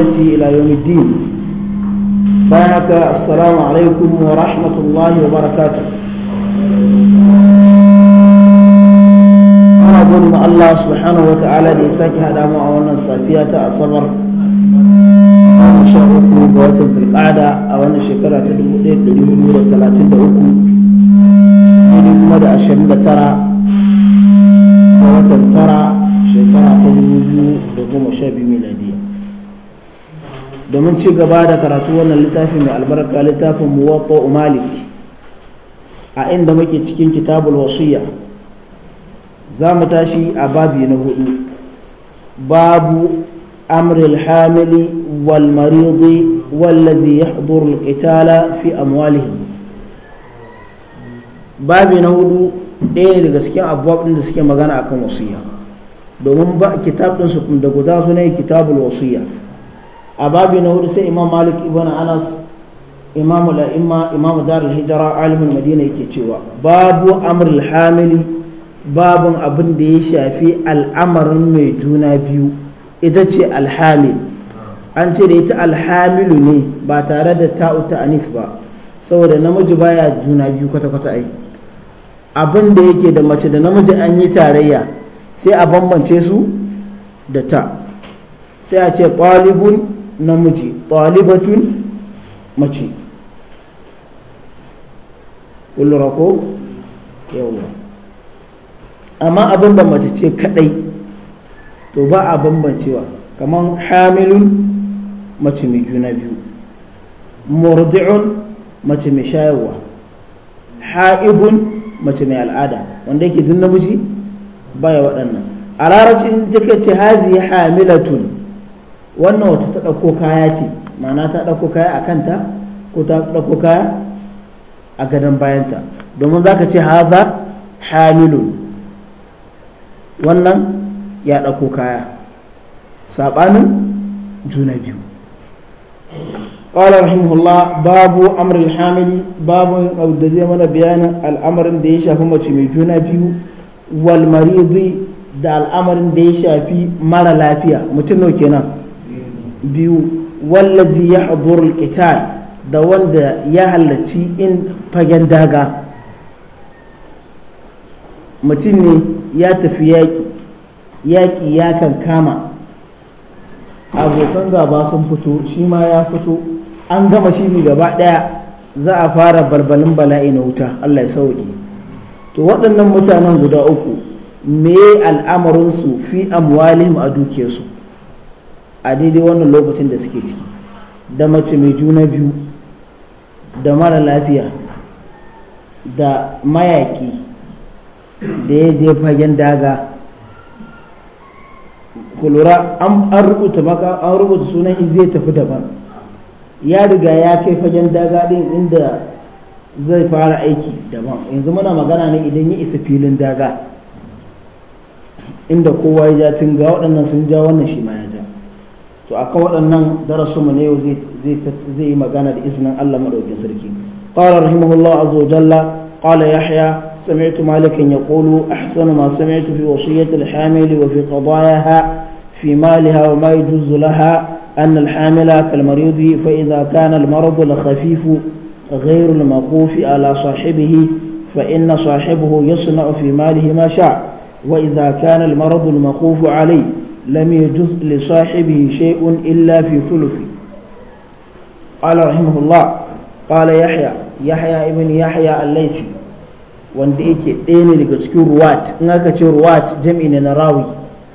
وسنته إلى يوم الدين بارك السلام عليكم ورحمة الله وبركاته أنا أقول ما الله سبحانه وتعالى ليساك هذا ما أولنا الصافية أصبر شاءكم بوات في القعدة أو أن شكرا تدمو دير دليل مولى ثلاثين دعوكم دليل مولى أشهر ترى بوات ترى shekara ta dubu biyu da goma sha biyu miladi domin ci gaba da karatu wannan littafin mai albarka littafin muwatta malik a inda muke cikin kitabul wasiya za mu tashi a babi na hudu babu amril hamili wal maridi wallazi yahduru alqitala fi amwalihim babi na hudu ɗaya daga cikin abubuwan da suke magana akan wasiya domin ba kitab ɗinsu da guda su ne kitabul wasiya a babi na hudu sai imam malik ibn anas imam la'imma imam dar hijira alimin madina yake cewa babu al hamili babun abin da ya shafi al'amarin mai juna biyu ita ce alhamil an ce da ita alhamilu ne ba tare da ta'u ta anif ba saboda namiji baya juna biyu kwata-kwata ai abin da yake da mace da namiji an yi tarayya sai a bambance su da ta sai a ce ƙwalibun namiji talibatun mace kullura ko yawwa amma a mace ce kadai to ba a bambancewa kamar hamilun mace mai juna biyu murdi'un mace mai shayarwa ha'ibun mace mai al'ada wanda yake dun namiji baya waɗannan a larabci in ce hazi hamilatun wannan wata ta ɗauko kaya ce ma'ana ta ɗauko kaya a kanta ko ta ɗauko kaya a gadon bayanta domin za ka ce haza hamilun wannan ya ɗauko kaya saɓanin juna biyu ƙwala rahim الله Babu امر الحامل باب او mana bayanin al'amarin da ya shafi mace mai juna biyu wal maridi da al'amarin da ya shafi mara lafiya mutum nau kenan biyu wallazi ya hadurul qital da wanda ya halarci in fagen daga mutum ne ya tafi yaƙi yaƙi ya kan kama abokan gaba sun fito shi ma ya fito an gama shi ne gaba ɗaya za a fara barbalin bala'i na wuta Allah ya sauke to waɗannan mutanen guda uku me al'amarinsu fi amwalihim a dukiyarsu a daidai wannan lokacin da suke ciki da mace mai juna biyu da mara lafiya da mayaki da ya je fagen daga kulura an rubuta maka an rubuta sunan in zai tafi daban ya riga ya kai fagen daga din inda zai fara aiki daban yanzu muna magana ne idan ya isa filin daga inda kowa ya ja ga waɗannan sun ja wannan shi ma ya to a waɗannan darasu mu ne zai yi magana da izinin Allah maɗaukin sarki qala rahimahullah azza jalla qala yahya sami'tu malikan yaqulu ahsanu ma sami'tu fi wasiyyati al-hamil wa fi qadayaha fi maliha wa ma yujuzu laha an al-hamil kal marid fa idha kana al-marad al-khafif غير المقوف على صاحبه فإن صاحبه يصنع في ماله ما شاء وإذا كان المرض المقوف لم يجز لصاحبه شيء إلا في ثلث قال رحمه الله قال يحيى يحيى ابن يحيى الليثي wanda yake ɗaya ne daga cikin ruwat in aka ce ruwat jam'i ne rawi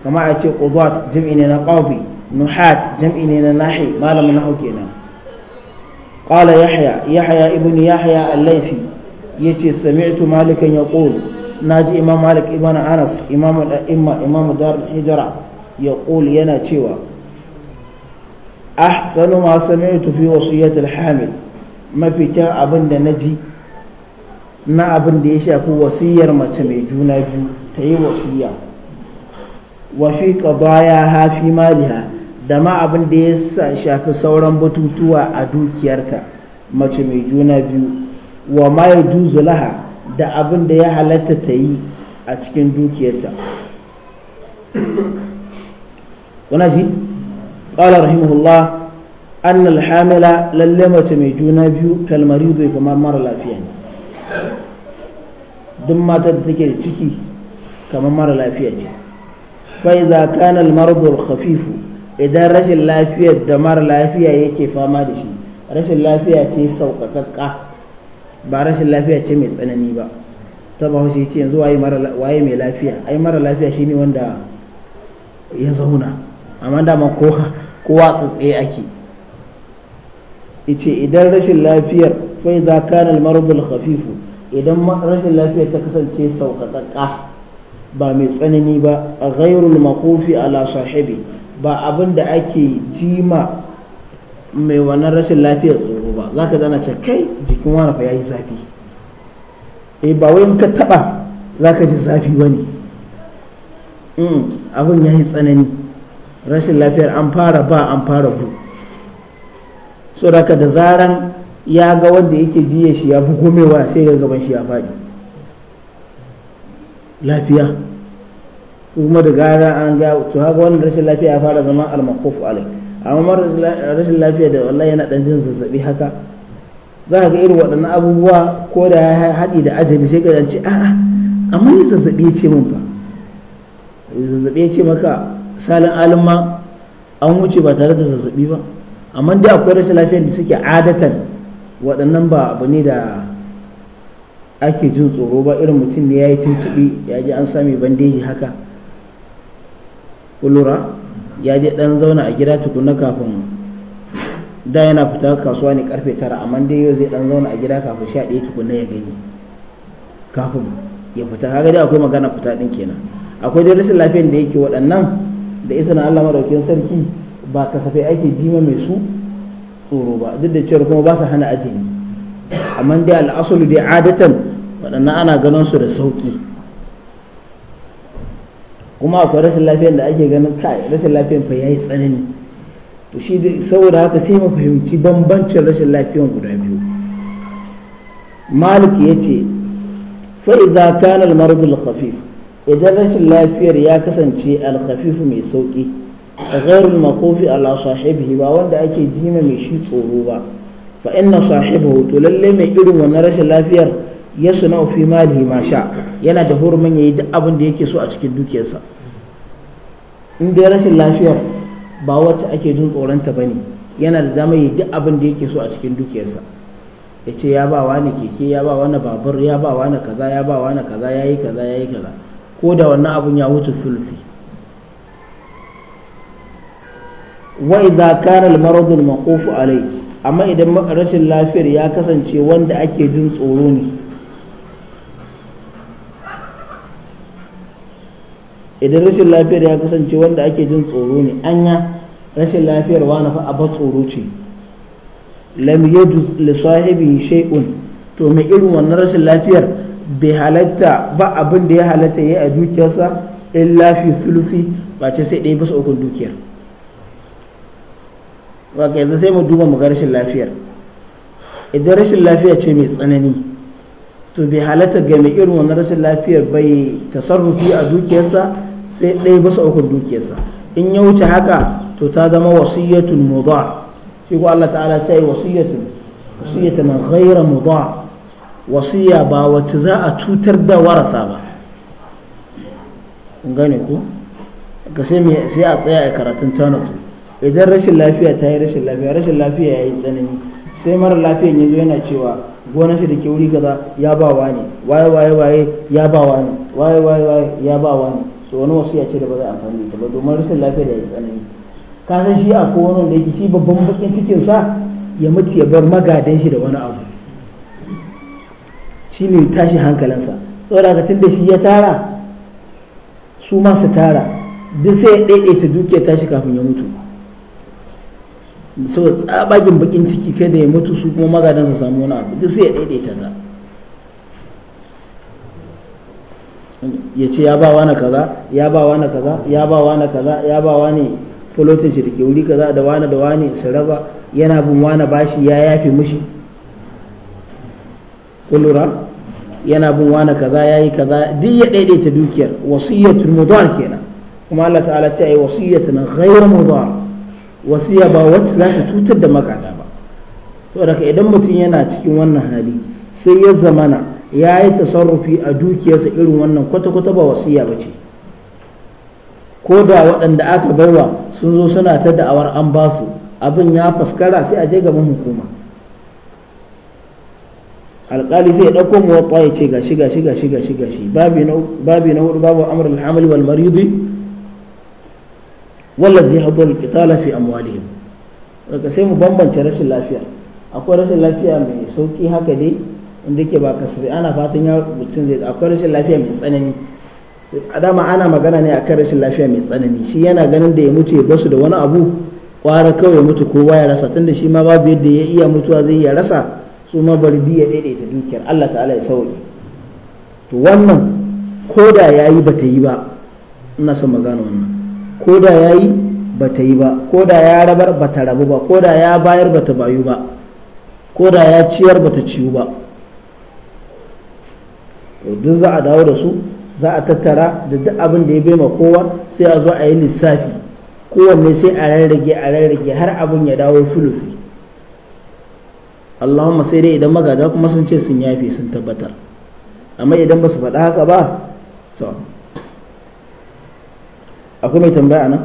kama a ce qudwat jam'i ne na qadi nuhat jam'i ne na nahi malamin nahwu kenan qala yahya yahaya ibn yahya al-laythi yace sami'tu malikan yaqul naji imam malik ibn anas imam al-a'imma imam dar hijra ƙoli yana cewa ahsanu ma sami'tu tufi wasu yadda hamil mafi kyan abin da na ji na abin da ya shafi wasiyar mace mai juna biyu ta yi wasiya Wafi ka baya hafi maliha da ma abin da ya shafi sauran batutuwa a dukiyarta mace mai juna biyu wa ma ya juzu laha da abin da ya halatta ta yi a cikin dukiyarta kuna ji qala rahimahullah an alhamila lalle mace mai juna biyu kalmari zai kuma mara lafiya ne da take da ciki kamar mara lafiya ce fai za kana almarbul idan rashin lafiyar da mara lafiya yake fama da shi rashin lafiya ce sauƙaƙaƙƙa ba rashin lafiya ce mai tsanani ba ta ba ce yanzu waye mai lafiya ai mara lafiya shine wanda ya zauna amma dama kowa tsatsaye ake ice idan rashin lafiyar fai za kana almaradul khafifu idan rashin lafiyar ta kasance sauƙaƙaƙa ba mai tsanani ba a ghairul makofi ala sahibi ba abin da ake jima mai wannan rashin lafiyar tsoro ba za ka zana kai jikin wani fa yi zafi eh ba wai in ka taba za ka ji zafi ba ne hmm, abin ya yi tsanani rashin lafiyar an fara ba an fara bu saboda da zaran ya ga wanda yake jiye shi ya fi gomewa sai ga gaban shi ya faɗi lafiya kuma da gara an ga to haka wannan rashin lafiya ya fara zama almakofu alai amma rashin lafiya da wallahi yana dan jin zazzabi haka za ka ga irin waɗannan abubuwa ko da ya haɗi da ajali sai ka ce a'a amma ni zazzabi ya ce min fa zazzabi ya ce maka salin alin ma an wuce ba tare da zazzabi ba amma dai akwai rashin lafiyar da suke adatan waɗannan ba abu ne da ake jin tsoro ba irin mutum ne ya yi tuntuɓi ya ji an sami bandeji haka kulura ya je ɗan zauna a gida tukuna kafin da yana fita kasuwa ne karfe tara amma dai yau zai ɗan zauna a gida kafin sha ɗaya tukuna ya gani kafin ya fita haka dai akwai magana fita ɗin kenan akwai dai rashin lafiyar da yake waɗannan da izinin Allah madaukakin sarki ba kasafai ake jima mai su tsoro ba duk da cewar kuma ba su hana aji. amma dai al'asulu dai adatan waɗannan ana ganin su da sauki kuma akwai rashin lafiyar da ake ganin kai rashin lafiyar fa yayi tsanani to shi saboda haka sai mu fahimci bambancin rashin lafiyar guda biyu malik yace fa idza kana al-marad al-khafif idan rashin lafiyar ya kasance alkhafifu mai sauki ghairul makofi ala sahibihi ba wanda ake jima mai shi tsoro ba fa inna sahibihu to lalle mai irin wannan rashin lafiyar ya suna fi malihi ma sha yana da hurumin yayi duk abin da yake so a cikin dukiyarsa in dai rashin lafiyar ba wacce ake jin tsoronta ba ne yana da dama yi duk abin da yake so a cikin dukiyarsa ya ce ya ba wani keke ya ba wani babur ya ba wani kaza ya ba wani kaza ya yi kaza ya yi kaza ko da wannan abun ya wuce sulusi wa idza kana al-marad al-maquf alai, amma idan rashin lafiyar ya kasance wanda ake jin tsoro ne idan rashin lafiyar ya kasance wanda ake jin tsoro ne anya rashin lafiyar wani fa abin tsoro ce lam yajuz li sahibi shay'un to mai irin wannan rashin lafiyar bai halatta ba abin da ya halatta ya yi a dukiyarsa in lafi filufi ba ce sai ɗaya bisa ukun dukiyar ba ka yanzu sai mu duba mu ga rashin lafiyar idan rashin lafiyar ce mai tsanani to bai halatta ga mai irin wannan rashin lafiyar bai tasarrufi a dukiyarsa sai ɗaya bisa ukun dukiyarsa in ya wuce haka to ta zama wasiyatun mudar shi ko Allah ta'ala ta yi wasiyatun wasiyatun ghayra mudar wasiya ba wacce za a cutar da warasa ba gane ku ka sai a tsaya a karatun tanasu idan rashin lafiya ta yi rashin lafiya rashin lafiya ya yi tsanani sai mara lafiyan ya zo yana cewa gonar shi da ke wuri gaza ya ba wa ne waye waye waye ya ba wa ne waye waye waye ya ba wa ne wani wasu ce da ba za a amfani da ta ba domin rashin lafiya da ya yi tsanani ka san shi a kowane da yake shi babban bakin cikinsa ya mutu ya bar magadan shi da wani abu ne tashi hankalinsa saboda haka tun da shi ya tara su masu tara duk sai ya daidaita dukiyar tashi kafin ya mutu saboda tsabagin bakin ciki kai da ya mutu su kuma magadansa samu wani abu duk sai ya daidaita ta ya ce ya ba wani kaza ya ba wani kaza ya ba wani kaza ya ba wani fulotin shi da ke wuri kaza da wani da wani su raba yana bin wani bashi ya yafe mushi kullura yana bin wani kaza ya yi kaza duk ya daidaita dukiyar wasiyatul mudar kenan kuma Allah ta'ala ta yi wasiyatan ghayr mudar wasiya ba wacce za ta cutar da makada ba to daga idan mutum yana cikin wannan hali sai ya zamana ya yi tasarrufi a dukiyarsa irin wannan kwata-kwata ba wasiya ba ce ko da waɗanda aka baiwa sun zo suna ta da'awar an basu abin ya faskara sai a je gaban hukuma alƙali zai ɗauko muwatta ya ce gashi gashi gashi gashi gashi babi na hudu babu amr al wal maridi wallazi hadal qitala fi amwalihim daga sai mu bambance rashin lafiya akwai rashin lafiya mai sauki haka dai inda ke ba kasafai ana fatan ya mutum zai akwai rashin lafiya mai tsanani a dama ana magana ne akan rashin lafiya mai tsanani shi yana ganin da ya mutu ya basu da wani abu kwara kawai ya mutu kowa ya rasa tunda shi ma babu yadda ya iya mutuwa zai iya rasa su ma bari biya daidaita dukiyar Allah ta'ala ya sauke to wannan ko da ya yi bata yi ba ina son magana wannan ko da ya yi bata yi ba ko da ya rabar bata rabu ba ko da ya bayar bata bayu ba ko da ya ciyar bata ciyu ba to duk za a dawo da su za a tattara da duk abin da ya bai ma kowa sai a zo a yi lissafi kowanne sai a rarrage a rarrage har abin ya dawo sulufi Allahumma sai dai idan magada kuma sun ce sun yafe sun tabbatar amma idan ba su faɗa haka ba to akwai mai tambaya nan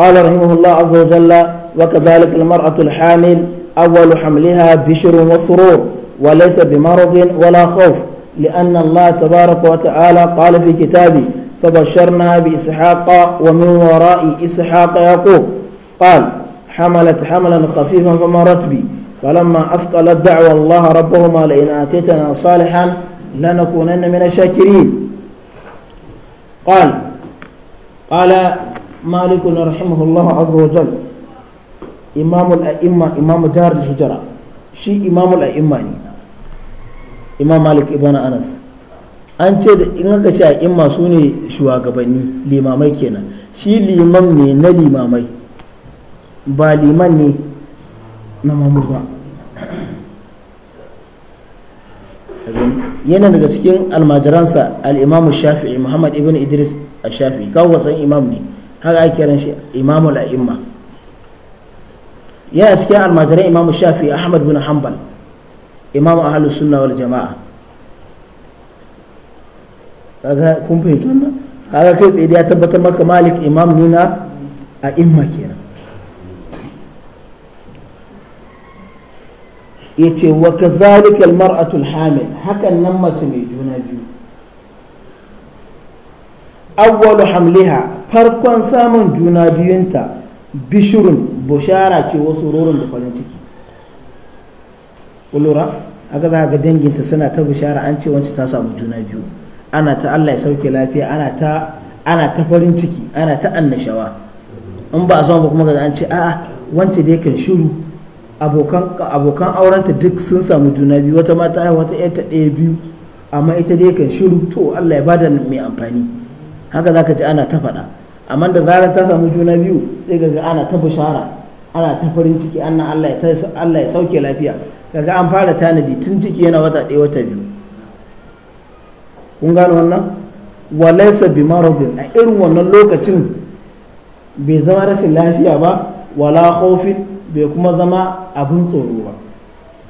قال رحمه الله عز وجل وكذلك المرأة الحامل أول حملها بشر وسرور وليس بمرض ولا خوف لأن الله تبارك وتعالى قال في كتابه فبشرناها بإسحاق ومن وراء إسحاق يعقوب قال حملت حملا خفيفا فمرت بي فلما أثقلت دعوى الله ربهما لئن آتيتنا صالحا لنكونن من الشاكرين قال قال مالك رحمه الله عز وجل إمام الأئمة إمام دار الهجرة شيء إمام الأئمة يعني. imam malik ibn anas an ce da in aka ce a imma su ne shugabanni limamai kenan shi liman ne na limamai ba liman ne na mamu ba yana daga cikin almajiransa al'imamu shafi'i muhammad ibn idris a shafi'i kawo wasan imam ne haka ake ran shi imamul a'imma yana cikin almajiran imamu shafi'i ahmad bin hanbal imam Ahalu suna wal jama'a kaga kun fahimci wannan kaga kai tsaye ya tabbatar maka malik imam nuna a imma kenan ce wa ka al mar'atu hamil hakan nan mace mai juna biyu awwalu hamliha farkon samun juna biyunta bishirun bushara ce wasu rorin da farin ciki kulura aka za ga danginta suna ta bishara an ce wance ta samu juna biyu ana ta Allah ya sauke lafiya ana ta ana ta farin ciki ana ta annashawa in ba a ba kuma ga an ce a wance dai kan shiru abokan abokan aurenta duk sun samu juna biyu wata mata haihuwa wata ita ɗaya biyu amma ita da kan shiru to Allah ya bada mai amfani haka zaka ji ana ta faɗa amma da zarar ta samu juna biyu sai ga ana ta bishara ana ta farin ciki annan Allah ya sauke lafiya kaga an fara tanadi tun ciki yana wata ɗaya wata biyu kun gano wannan walaisa bi maradin a irin wannan lokacin bai zama rashin lafiya ba wala khofin bai kuma zama abun tsoro ba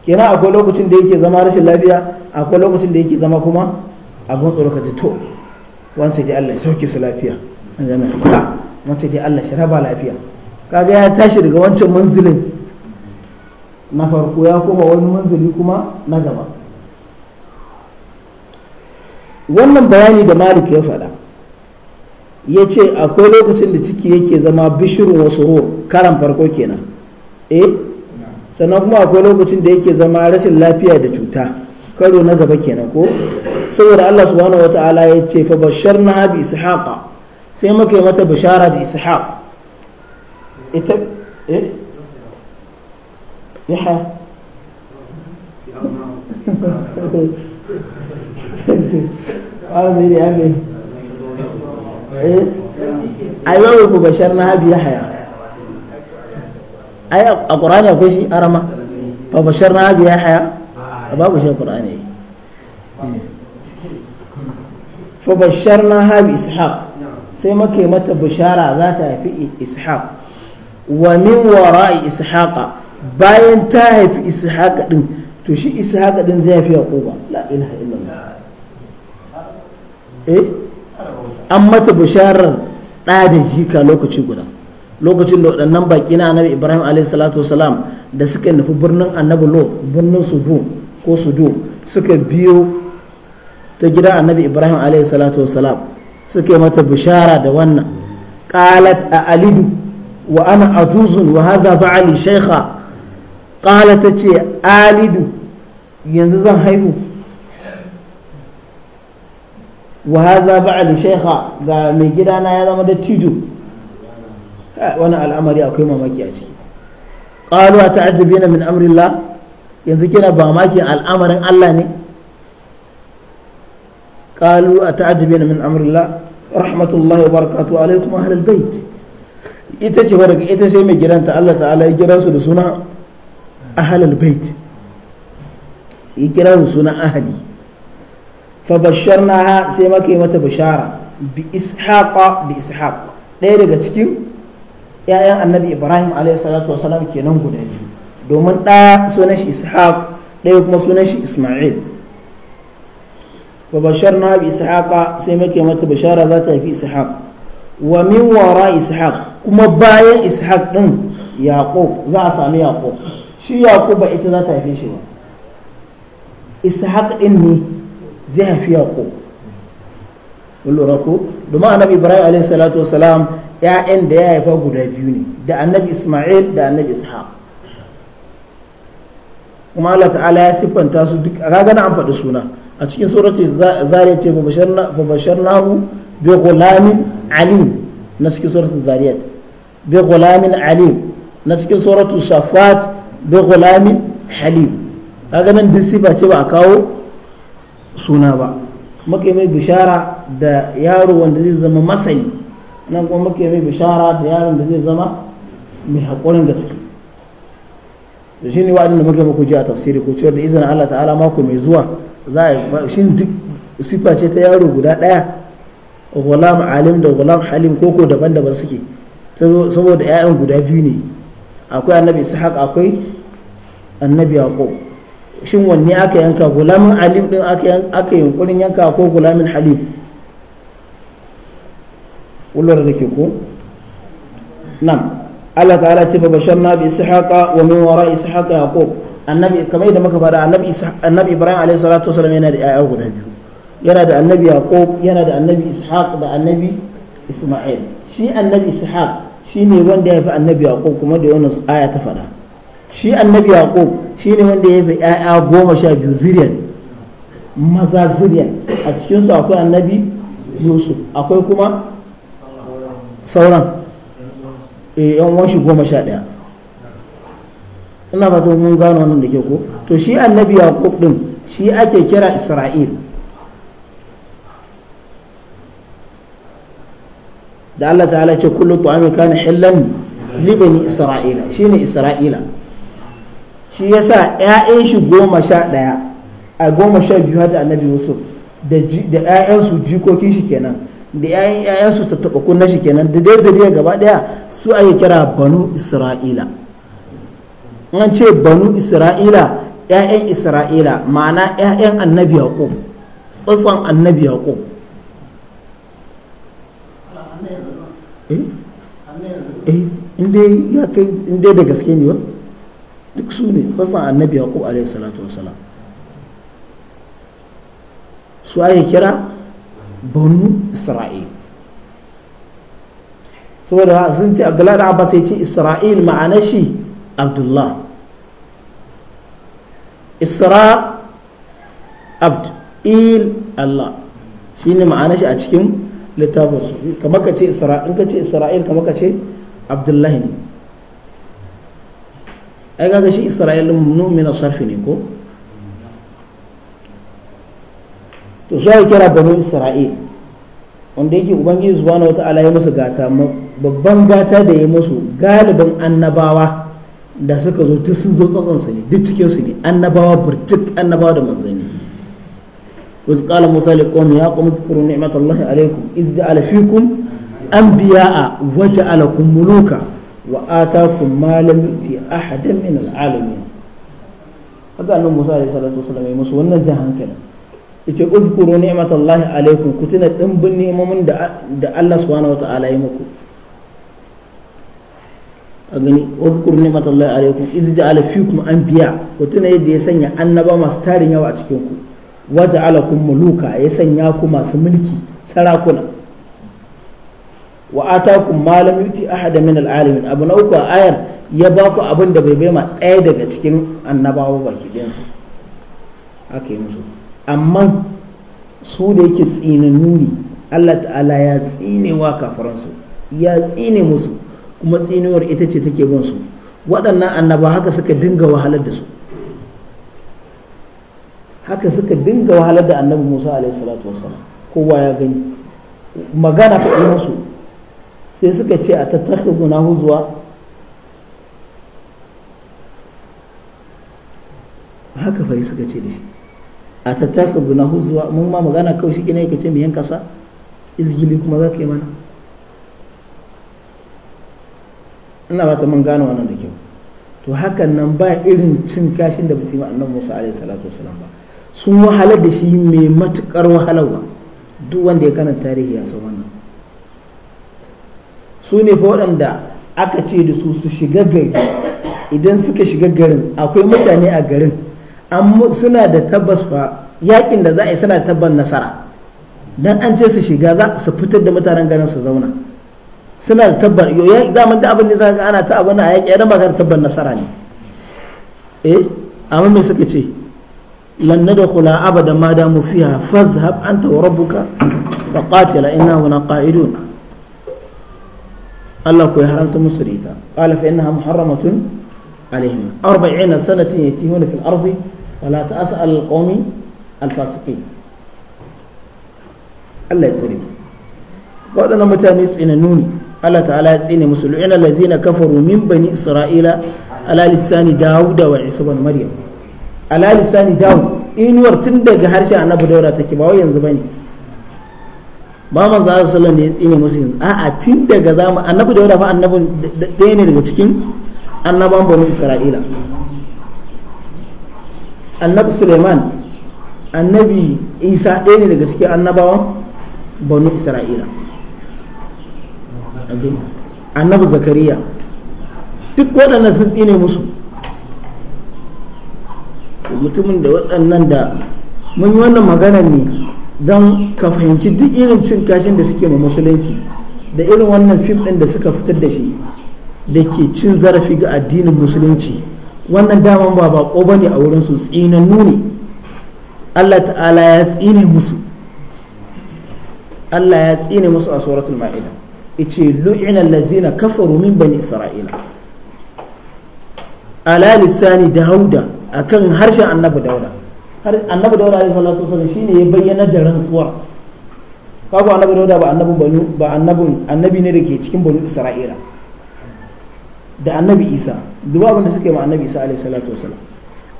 kenan akwai lokacin da yake zama rashin lafiya akwai lokacin da yake zama kuma Abun tsoro ka ji to wancan dai Allah ya sauke su lafiya an zama wancan dai Allah shi raba lafiya kaga ya tashi daga wancan manzilin na farko ya koma wani manzili kuma na gaba wannan bayani da malik ya faɗa ya ce akwai lokacin da ciki yake zama bishirin wasu karan farko kenan eh sannan kuma akwai lokacin da yake zama rashin lafiya da cuta karo na gaba kenan ko saboda Allah subhanahu ta'ala ya ce fa na bi ishaqa sai muka yi mata bishara da ishaq ita eh yaha ya ne eh ai ba ku bashar na habi yahaya ai a qur'ani akwai shi arama fa bashar na habi yahaya babu shi qur'ani fa bashar na habi ishaq sai muke mata bishara za ta haifi ishaq wa min wara'i ishaqa bayan ta haifi ishaqa din to shi ishaqa din zai haifi yaquba la ilaha illallah eh an mata bisharar da da jika lokaci guda lokacin da wadannan baki na annabi ibrahim a.s. da suka nufi birnin annabi lot birnin sudu ko sudu suka biyo ta gidan annabi ibrahim a.s. suka yi mata bishara da wannan qalat a alidu wa ana ajuzun wa hadha ba'ali shaykha qala tace alidu yanzu zan haihu wa hadha ba'ali shaykha ga mai na ya zama dattijo wani al'amari akwai mamaki a ciki qalu ata'ajabina min amrillah yanzu kina ba maki al'amarin Allah ne qalu ata'ajabina min amrillah rahmatullahi wa barakatuhu alaikum ahlal bait ita ce daga ita sai mai gidanta Allah ta'ala ya kira su da suna ahalal bait ya kira su suna ahali fa basharnaha sai maka yi mata bashara bi ishaqa bi ishaq ɗaya daga cikin ƴaƴan annabi ibrahim alayhi salatu wasalam kenan guda biyu domin ɗaya sunan shi ishaq ɗaya kuma sunan shi isma'il wa basharna bi ishaqa sai muke mata bashara za ta fi ishaq wa min wara ishaq kuma bayan ishaq din yaqub za a sami yaqub shi yaqub ba ita za ta haife shi ba ishaq din ne zai haifi yaqub kun lura ko domin annabi ibrahim alayhi salatu wasalam ya'yan da ya haifa guda biyu ne da annabi isma'il da annabi ishaq kuma Allah ta'ala ya siffanta su duk kaga na an faɗi suna a cikin surati zariya ce fa basharnahu bi ghulamin alim na cikin surati zariyat bi gulamin alim na cikin suratu safat bi gulamin halim kaga nan duk sifa ce ba a kawo suna ba muke mai bishara da yaro wanda zai zama masani nan kuma muke mai bishara da yaron da zai zama mai haƙurin gaske da shi ne wa'adin da muke muku ji a tafsiri ko cewar da izinin Allah ta'ala mako mai zuwa za a shi duk sifa ce ta yaro guda ɗaya gulam alim da gulam halim koko daban-daban suke saboda 'ya'yan guda biyu ne akwai annabi haka akwai annabi yaqub shin wanne aka yanka gulamin alim din aka yankurin yanka ko gulamin halim ulwar da ke ko nan Allah ta'ala ce babasharna bi haka wa min wara ishaqa yaqub annabi kamar yadda muka fara annabi annabi ibrahim alayhi salatu wasallam yana da ƴaƴa guda biyu yana da annabi yaqub yana da annabi ishaq da annabi isma'il shi annabi ishaq shine wanda ya fi annabi yaqub kuma da wani aya ta faɗa shi annabi shi shine wanda ya fi ƴaƴa goma sha biyu ziriyar maza ziriyar a cikin su akwai annabi yusuf akwai kuma sauran yan eh, wanshi goma sha ɗaya ina fata mun gano wannan da ke ko to shi annabi yaqub din shi ake kira isra'il da Allah ta'ala ce kullu ta'ami kana hillan li isra'ila isra'ila ne isra'ila shi yasa 'ya'yan shi goma sha ɗaya a goma sha biyu hada annabi yusuf da 'ya'yansu jikokin shi kenan da 'ya'yan su tattaɓa na shi kenan da dai zariya gaba ɗaya su ake kira banu isra'ila an ce banu isra'ila 'ya'yan isra'ila ma'ana 'ya'yan annabi yaqub tsatsan annabi yaqub Eh? Eh, in ya da gaske ne ba duk su ne sassan annabi yaqub alaihi salatu wasala su ake kira banu isra'il saboda sun ce abdullahi da abbas ya ce isra'il ma'ana shi abdullah isra abd il allah shine ma'ana shi a cikin littafin su kamar ka ce isra'il ka ce isra'il kamar ka ce abdullahi ne ai kaga shi isra'il min sarfi ne ko to zuwa ya kira banu isra'il wanda yake ubangiji subhanahu wata'ala ya musu gata babban gata da ya musu galibin annabawa da suka zo duk sun zo tsatsansa ne duk cikinsu ne annabawa burtuk annabawa da manzanni وإذ قال موسى لقوم يا قوم اذكروا نعمة الله عليكم إذ جعل فيكم أنبياء وجعلكم ملوكا وآتاكم ما لم يؤتي أحدا من العالمين فقال موسى عليه الصلاة والسلام يمسوا ya musu ita jan ni'mat Allah uzkuru ni'matallahi alaikum ku tuna dimbin ni'imomin da da Allah subhanahu wataala ya muku a gani ni'mat Allah alaikum iz ja'ala fikum anbiya ku tuna yadda ya sanya annaba masu tarin yawa a cikin ku waje alakun muluka ya sanya ku masu mulki sarakuna wa atakum malam yuti ahada min alalamin abu na uku a ayar ya ba ku abin da bai bai ma ɗaya daga cikin annabawa baki ɗayansu aka yi musu amma su da yake tsinannu ne Allah ta'ala ya tsinewa kafaransu ya tsine musu kuma tsinewar ita ce take bin su waɗannan annaba haka suka dinga wahalar da su haka suka dinga wahalar da annabi musa alaihi salatu wassalam kowa ya gani magana ta yi musu sai suka ce a tattaka guna huzuwa haka fari suka ce da shi a tattaka guna huzuwa mun ma magana kawai shi gina yake ce mu kasa izgili kuma za ka yi mana ina ba ta mun gane wannan da kyau to hakan nan ba irin cin kashin da ba su yi annabi Musa alaihi salatu wasalam ba sun wahala da shi mai matukar wahalarwa duk wanda ya kana tarihi ya san wannan su ne fa waɗanda aka ce da su su shiga gari idan suka shiga garin akwai mutane a garin suna da tabbas fa yakin da za a yi suna tabbas nasara dan an ce su shiga za su fitar da mutanen garin su zauna suna da tabbar yo ya zaman da abin da za ga ana ta abin a yaki ya da magana tabbar nasara ne eh amma me suka ce لن ندخل أبدا ما داموا فيها فاذهب أنت وربك فقاتل إنا هنا قائدون الله كوي هرمت مصريتا قال فإنها محرمة عليهم أربعين سنة يتيهون في الأرض ولا تأسأل القوم الفاسقين الله يسلم قال أنا متانيس إن نوني الله تعالى يسئني مسلعين الذين كفروا من بني إسرائيل على لسان داود وعيسى بن مريم ala lisani daud inuwar tun daga harshe annabi daura take ba wai yanzu bane ba man za su sallan da ya tsine musu yanzu a'a tun daga zama annabi daura fa annabin ɗaya ne daga cikin annaban banu isra'ila annabi suleiman annabi isa ɗaya ne daga cikin annabawan banu isra'ila annabi zakariya duk waɗannan sun tsine musu mutumin da waɗannan da mun yi wannan magana ne don ka fahimci duk irin cin kashin da suke ma musulunci da irin wannan fim ɗin da suka fitar da shi da ke cin zarafi ga addinin musulunci wannan daman ba bako bane a wurin su tsinannu ne Allah ta'ala ya tsine musu Allah ya tsine musu a suratul ma'ida yace lu'ina allazina kafaru min bani isra'ila ala lisani dauda akan harshen annabi dauda annabi dauda alaihi salatu wasallam shine ya bayyana da rantsuwar kaga annabi dauda ba annabin banu ba annabin annabi ne da ke cikin banu isra'ila da annabi isa duk abin da suka ma annabi isa alaihi salatu wasallam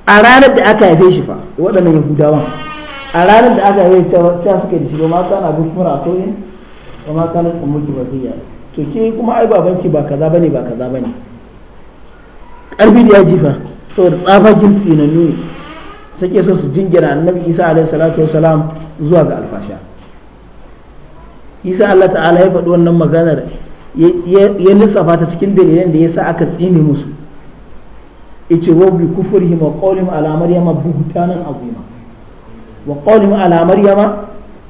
a ranar da aka haife shi fa waɗannan yahudawa a ranar da aka haife ta suke da shi ba ma kana a sauyin ba ma kana ummuki bakiya to shi kuma ai babanki ba kaza bane ba kaza bane karfi da ya jifa saboda tsabagen tsinannu ne suke so su jingina annabi isa alaihi salatu wasalam zuwa ga alfasha isa allah ta'ala ya faɗi wannan maganar ya lissafa ta cikin dalilan da ya sa aka tsine musu yace wa bi kufrihim wa qawlihim ala maryama buhtanan azima wa qawlihim ala maryama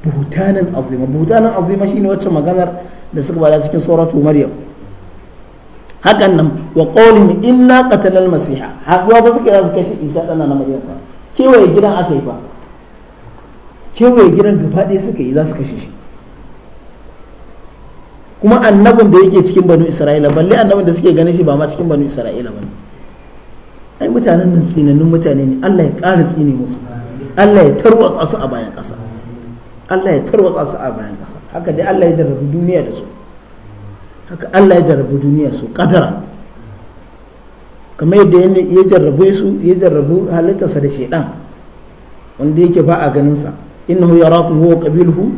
buhtanan azima buhtanan azima shine wacce maganar da suka bada cikin suratu maryam hakan nan wa qawlin inna qatalal masiha haɗuwa ba za su kashe isa ɗana na maryam fa kewaye gidan aka yi ba kewaye gidan gaba ɗaya suka yi za su kashe shi kuma annabin da yake cikin banu isra'ila balle annabin da suke ganin shi ba ma cikin banu isra'ila ba ai mutanen nan tsinannun mutane ne Allah ya ƙara tsini musu Allah ya tarwatsa su a bayan ƙasa Allah ya tarwatsa su a bayan ƙasa haka dai Allah ya jarrabu duniya da su haka Allah ya jarrabu duniya su kadara kamar yadda ya jarrabe su ya jarrabu halittarsa da shaidan wanda yake ba a ganinsa innahu yarakum huwa qabiluhu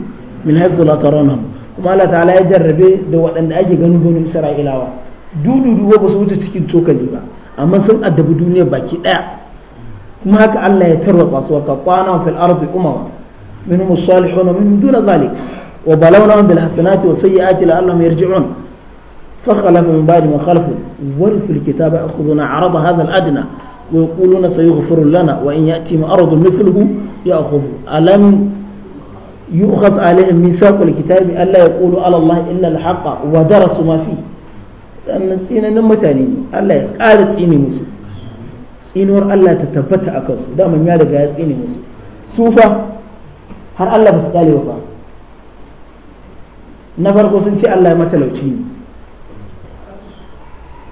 min haythu la tarawnahum kuma Allah ta'ala ya jarrabe da waɗanda ake ganin banu Isra'ilawa dududu ba su wuce cikin cokali ba amma sun addabi duniya baki daya kuma haka Allah ya tarwatsa su ka qana fil ardi umama minhum as-salihun min duna dhalik wa balawna bil hasanati was sayyiati la'allahum yarji'un فخلف من بعد ما خلفوا ورثوا الكتاب يأخذون عرض هذا الأدنى ويقولون سيغفر لنا وإن يأتي أرض مثله يأخذ ألم يؤخذ عليهم ميثاق الكتاب ألا يقولوا على الله إلا الحق ودرسوا ما فيه لأن سينا نمتاني ألا قال سيني موسى tsinuwar Allah ta tabbata a kansu daman ya riga ya tsine musu su fa har Allah ba su kale ba na farko sun ce Allah ya matalauci ne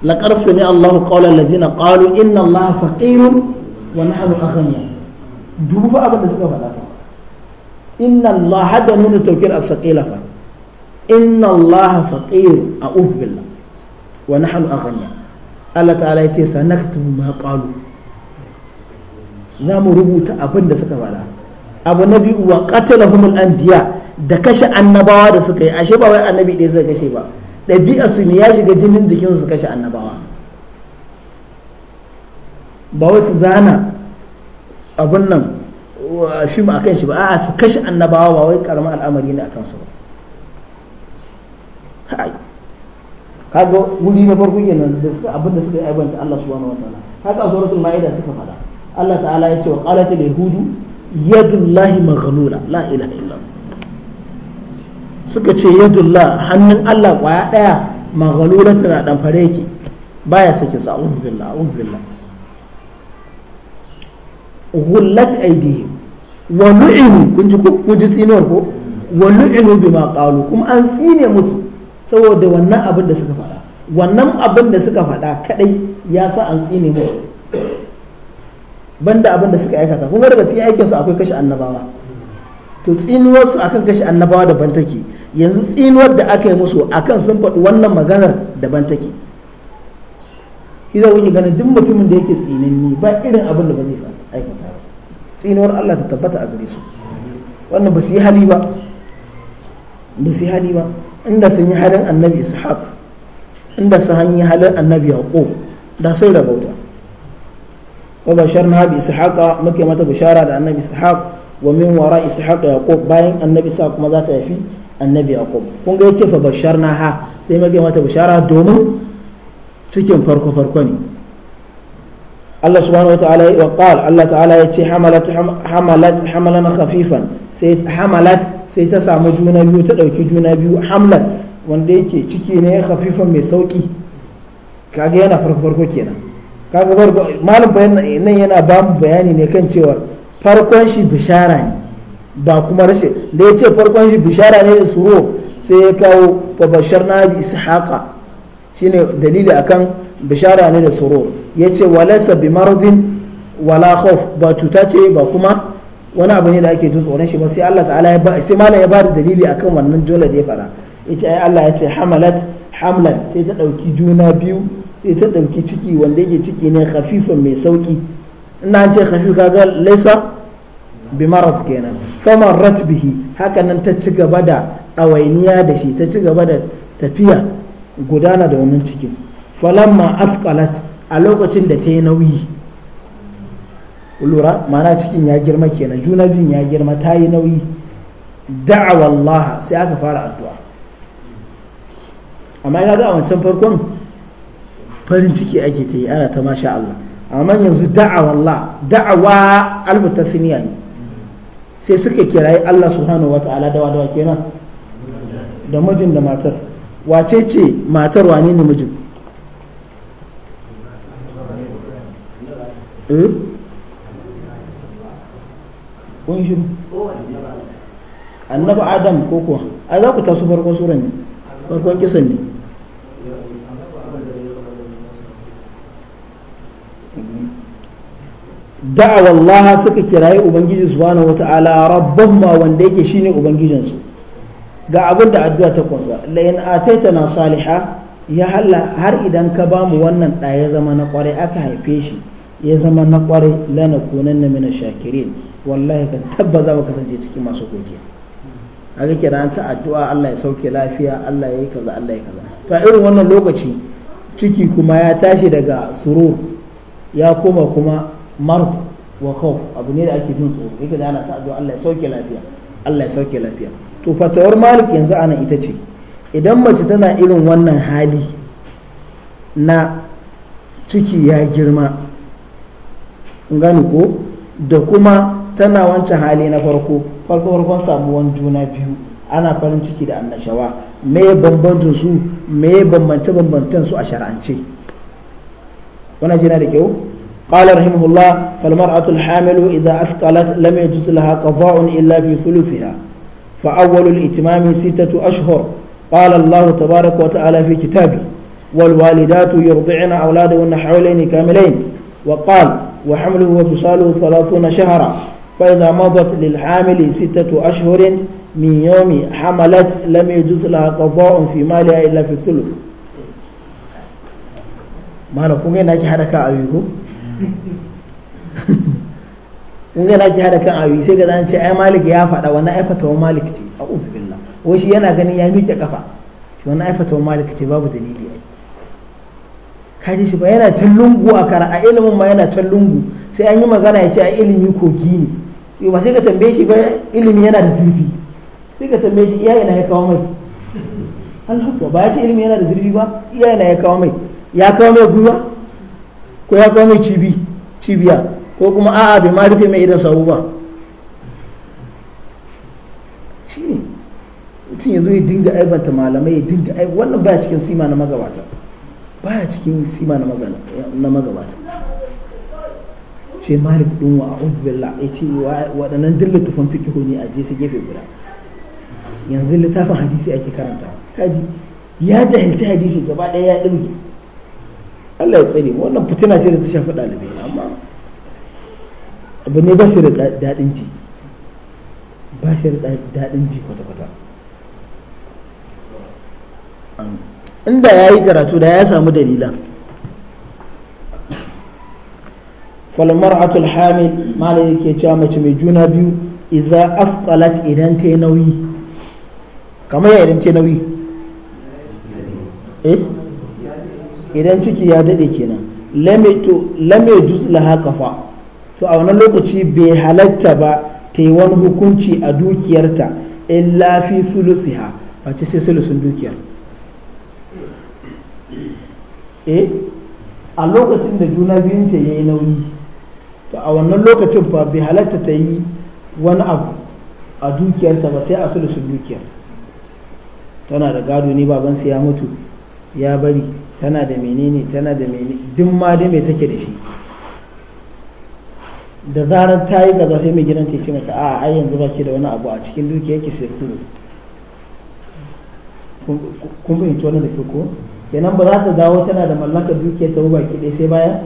laqad sami Allahu qawla allazina qalu inna Allaha faqirun wa nahnu aghniya duba abin da suka faɗa inna Allah hada nuna tawkir al-thaqila fa inna Allah faqir a'udhu billah wa nahnu aghniya Allah ta'ala yace ma rubuta abin suka abu na biyu wa qatalahum al-anbiya da kashe annabawa da suka yi ashe ba wai annabi ɗaya zai kashe ba ɗabi'a su ne ya shiga jinin jikin su kashe annabawa ba wai su zana abin nan fim a kan shi ba a su kashe annabawa ba wai karamin al'amari ne a su ba kaga wuri na farko yana da suka abin da suka yi aibanta Allah subhanahu ta'ala haka suratul maida suka faɗa Allah ta'ala ya ce wa qalat al yahudu yadullahi maghlula la ilaha illa suka ce yadullah hannun Allah kwaya daya maghalula tana damfare yake baya sake sa a'udhu billah a'udhu billah ghullat aydihim wa lu'inu kun ji kun ji tsinuwar ko wa lu'inu bima qalu kuma an tsine musu saboda wannan abin da suka faɗa wannan abin da suka faɗa kadai ya sa an tsine musu banda abin da suka aikata kuma daga cikin aikinsu akwai kashe annabawa to tsinuwarsu akan kashe annabawa daban take yanzu tsinuwar da aka yi musu akan sun faɗi wannan maganar daban take idan wani ganin duk mutumin da yake tsinanni ba irin abin da ba zai aikata ba tsinuwar Allah ta tabbata a gare su wannan ba su yi hali ba ba su yi hali ba inda sun yi halin annabi ishaq inda sun yi halin annabi yaqub da sun rabauta wa basharna bi ishaqa muke mata bishara da annabi ishaq wa min wara ishaq yaqub bayan annabi sa kuma za ta yafi annabi yaqub kun ga yace fa basharna ha sai mage mata bashara domin cikin farko farko ne Allah subhanahu wataala wa qala Allah ta'ala yace hamalat hamalat hamalan khafifan sai hamalat sai ta samu juna biyu ta dauki juna biyu hamlat wanda yake ciki ne khafifan mai sauki kaga yana farko farko kenan kaga malum bayan nan yana ba mu bayani ne kan cewa farkon shi bishara ne ba kuma rashe da ya ce farkon shi bishara ne da suro sai ya kawo babashar na bi ishaqa shine dalili akan bishara ne da suro ya ce walasa bi marudin wala ba cuta ce ba kuma wani abu ne da ake jin tsoron shi ba sai Allah ta'ala ya ba sai malam ya ba da dalili akan wannan jola da ya fara yace ai Allah ya ce hamalat hamlan sai ta dauki juna biyu sai ta dauki ciki wanda yake ciki ne khafifan mai sauki ina an ce khafif kaga laisa bi marad kenan famarrat bihi hakanan ta ci gaba da ɗawainiya da shi ta ci gaba da tafiya gudana da wannan cikin falamma asqalat a lokacin da ta yi nauyi lura mana cikin ya girma kenan juna biyun ya girma ta yi nauyi da'awa Allah sai aka fara addu'a amma ya ga wancan farkon farin ciki ake ta yi ana ta masha Allah amma yanzu da'awa Allah da'awa almutasiniya ne sai suka kirayi Allah subhanahu wa ta'ala dawa dawa kenan da mijin da matar wace ce matar wane ne mijin eh? kun shiru annabi adam ko kuwa a za ku taso farkon suran ne farkon kisan ne da'awa Allah suka kirayi ubangiji subhanahu ta'ala, rabban ma wanda yake shine ubangijinsu ga abin da addu'a ta kunsa la in ataitana saliha ya halla har idan ka ba mu wannan da ya zama na kware aka haife shi ya zama na kware lana kunanna min shakirin wallahi kan tabba za mu kasance cikin masu godiya aka kira ta addu'a Allah ya sauke lafiya Allah ya yi kaza Allah ya kaza to irin wannan lokaci ciki kuma ya tashi daga surur ya koma kuma mark wa khawf abu ne da ake jin tsoro yake da ana ta addu'a Allah ya sauke lafiya Allah ya sauke lafiya to fatawar malik yanzu ana ita ce idan mace tana irin wannan hali na ciki ya girma gani ko da kuma tana wancan hali na farko farko farkon samuwan juna biyu ana farin ciki da annashawa me bambanta su me bambance bambantan su a shar'ance wannan jina da kyau قال رحمه الله فالمرأة الحامل إذا أثقلت لم يجوز لها قضاء إلا بثلثها فأول الإتمام ستة أشهر قال الله تبارك وتعالى في كتابه والوالدات يرضعن أولادهن حولين كاملين وقال وحمله وفصاله ثلاثون شهرا فإذا مضت للحامل ستة أشهر من يوم حملت لم يجوز لها قضاء في مالها إلا في الثلث ما نقول هناك حركة أيكم in gana ci hada kan abi sai ga zan ce ai malik ya faɗa wani ai wa malik ce a ubi billah wai shi yana ganin ya miƙe kafa shi wannan ai wa malik ce babu dalili ai kaji shi ba yana can lungu a kara a ilimin ma yana can lungu sai an yi magana ya ce a ilimi kogi ne ba sai ka tambaye shi ba ilimi yana da zurfi sai ka tambaye shi iya yana ya kawo mai Allah ba ya ce ilimi yana da zurfi ba iya yana ya kawo mai ya kawo mai gwiwa ko ya kawo mai cibi cibiya ko kuma a'a bai ma rufe mai idan sabu ba shi ne mutum ya zo ya dinga aibanta malamai ya dinga aibanta wannan baya cikin sima na magabata baya cikin sima na magabata ce malik din wa a'udhu billah ya ce waɗannan dillu tufan fikihu ne a jesa su gefe guda yanzu littafin hadisi ake karanta kaji ya jahilci hadisi gaba ɗaya ya ɗauki. Allah ya tsare mu wannan fitina ce da ta shafi ɗalibai amma abu ne ba shi da daɗin ji ba shi da daɗin ji kwata-kwata inda ya yi karatu da ya samu dalila falmar atul hamil malai yake cewa mace mai juna biyu iza afqalat idan ta yi nauyi kamar ya idan ta yi nauyi eh idan ciki ya daɗe kenan lame juz laha kafa to a wannan lokaci bai halatta ba ta yi wani hukunci a dukiyarta in lafi fi ha ba ci sai sulusun dukiyar eh a lokacin da juna biyunta ya yi nauyi to a wannan lokacin ba bai halatta ta yi wani abu a dukiyarta ba sai a sulusun dukiyar tana da gado ne babansa ya mutu ya bari tana da menene tana da menene duk ma dai mai take da shi da zarar ta yi kaza sai mai gidan ta ce mata a ai yanzu ba ke da wani abu a cikin dukiya yake sai sulus kun fahimci wani da ke ko kenan ba za ta dawo tana da mallakar dukiya ta ruba ki ɗaya sai baya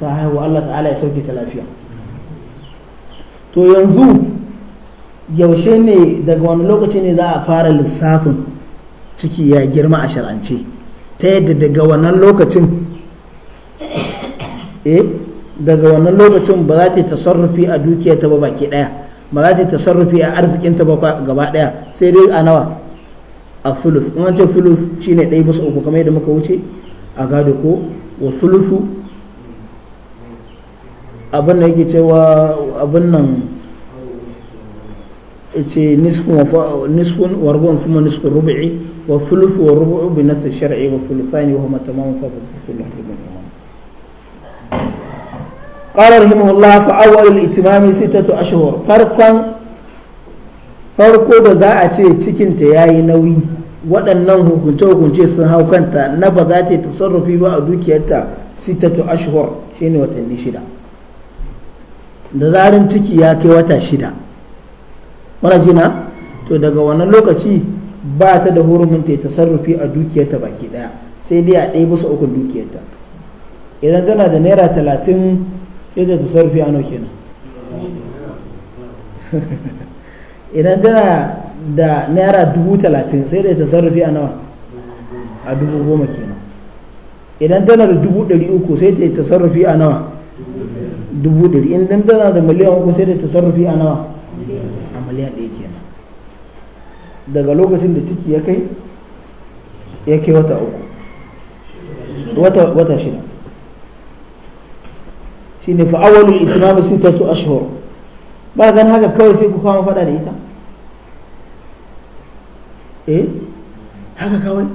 ta haihu Allah ta'ala ya sauke ta lafiya to yanzu yaushe ne daga wani lokaci ne za a fara lissafin ciki ya girma a shar'ance ta yadda daga wannan lokacin eh daga wannan lokacin ba za ta yi tasarrufi a dukiyarta ba baki daya ba za ta yi tasarrufi a arzikin ta ba gaba daya sai dai a nawa a fulus in an ce fulus shine ɗaya bisa uku kamar yadda muka wuce a gado ko wa fulusu abin da yake cewa abin nan ce nisfun wa rubun kuma nisfun rubu'i wa fulufu wa rubu'u bi nasu shar'i wa fulusani wa huma tamamu fa kullu hukmun قال رحمه itimami sai ta ستة أشهر farkon farko da za a ce cikinta ya yi nauyi waɗannan hukunce-hukunce sun hau kanta na ba za ta tasarrufi ba a dukiyarta sitatu shi shine watanni shida da zarin ciki ya kai wata shida wana jina to daga wannan lokaci ba ta da hurumin ta tasarrufi a dukiyarta baki daya sai dai a ɗaya bisa uku dukiyarta idan tana da naira talatin sai ta tasarrufi a nau kenan idan tana da naira dubu talatin sai da tasarrufi a nawa a dubu goma kenan idan tana da dubu ɗari uku sai ta tasarrufi a nawa dubu ɗari idan tana da miliyan uku sai da tasarrufi a nawa miliyan ɗaya kenan daga lokacin da ciki ya kai ya kai wata uku wata shida shi ne fa'awalin ikimamu sitatu ashhur ba zan haka kawai sai ku kama fada da ita eh haka kawai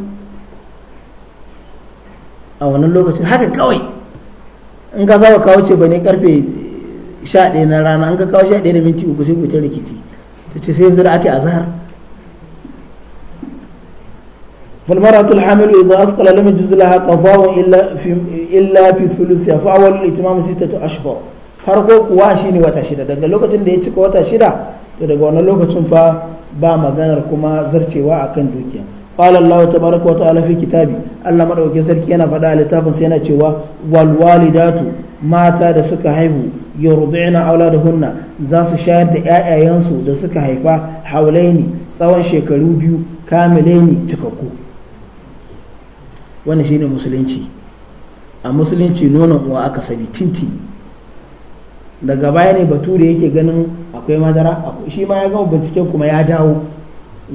a wannan lokacin haka kawai in ka saba kawo ce ba ne karfe 11 na rana an ka kawo 11 da minti uku sai ku ta rikici ce sai yanzu da ake azhar فالمرأة الحامل إذا أثقل لم يجوز لها قضاء إلا في إلا في ثلثها فأول الإتمام ستة أشهر farko kuwa shine wata shida daga lokacin da ya cika wata shida to daga wannan lokacin fa ba maganar kuma zarcewa akan dukiya qala Allah tabaraka wa ta'ala fi kitabi Allah madaukakin sarki yana faɗa a littafin sai yana cewa wal walidatu mata da suka haihu aula da hunna za su shayar da 'ya'yayensu da suka haifa haulaini tsawon shekaru biyu kamilaini cikakku shi shine musulunci a musulunci nonon uwa aka sani tinti daga baya ne batu da yake ganin akwai madara shi ma ya gama binciken kuma ya dawo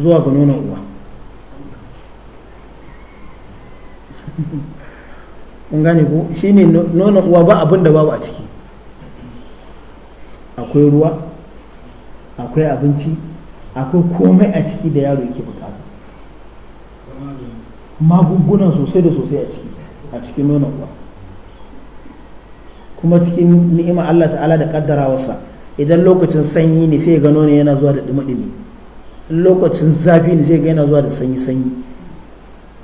zuwa ga nonon uwa kun gane ko shine nonon uwa ba abin da babu a ciki akwai ruwa akwai abinci akwai komai a ciki da yaro yake bukata magunguna sosai da sosai a ciki a cikin nonon uwa kuma cikin ni'ima Allah ta'ala da kaddarawarsa idan lokacin sanyi ne sai ga nonon yana zuwa da dumi-dumi lokacin zafi ne sai ga yana zuwa da sanyi-sanyi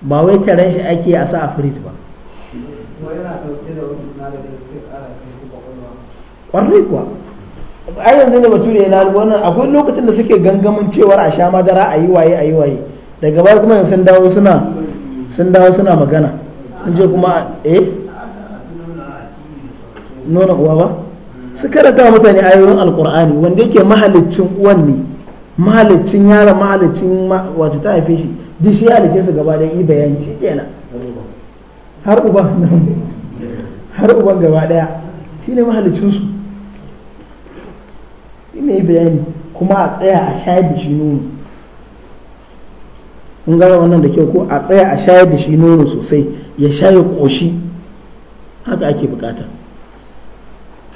ba wai taron shi ake a sa a firit ba ƙwarai kuwa a yanzu da bature ya lalu wannan akwai lokacin da suke gangamin cewar a sha madara a yi waye a yi waye daga baya kuma sun dawo suna sun dawo suna magana sun ce kuma eh nuna uwa ba su karanta mutane ayoyin alkur'ani wanda yake mahalicin uwan ne mahalicin yara mahalicin wacce ta haife shi duk sai ya su gaba da yi bayani shi kenan har uban nan har uban gaba daya shine ne su shi ne bayani kuma a tsaya a shayar da shi nono in gaba wannan da kyau ko a tsaya a shayar da shi nono sosai ya shayar koshi haka ake bukata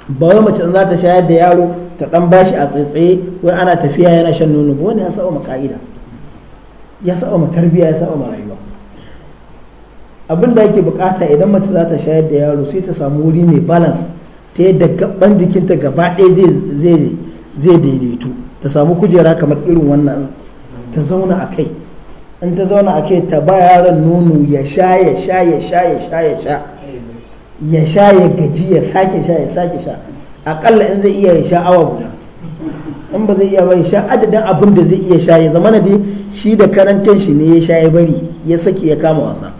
ba wai mace za ta shayar da yaro ta dan bashi a tsaye-tsaye wai ana tafiya yana shan nono ba wani ya sa'o ma ka'ida ya sa'o ma tarbiyya ya sa'o ma rayuwa abin da yake bukata idan mace za ta shayar da yaro sai ta samu wuri mai balance ta yadda gaban jikinta gaba ɗaya zai daidaito ta samu kujera kamar irin wannan ta zauna a kai in ta zauna a kai ta ba yaron nono ya sha ya sha ya sha ya sha ya sha ya sha ya gaji ya sake sha ya sake sha akalla in zai iya ya sha awa guda in ba zai iya ba ya sha adadin abin da zai iya sha ya zama na dai shi da karantar shi ne ya sha ya bari ya sake ya kama wasa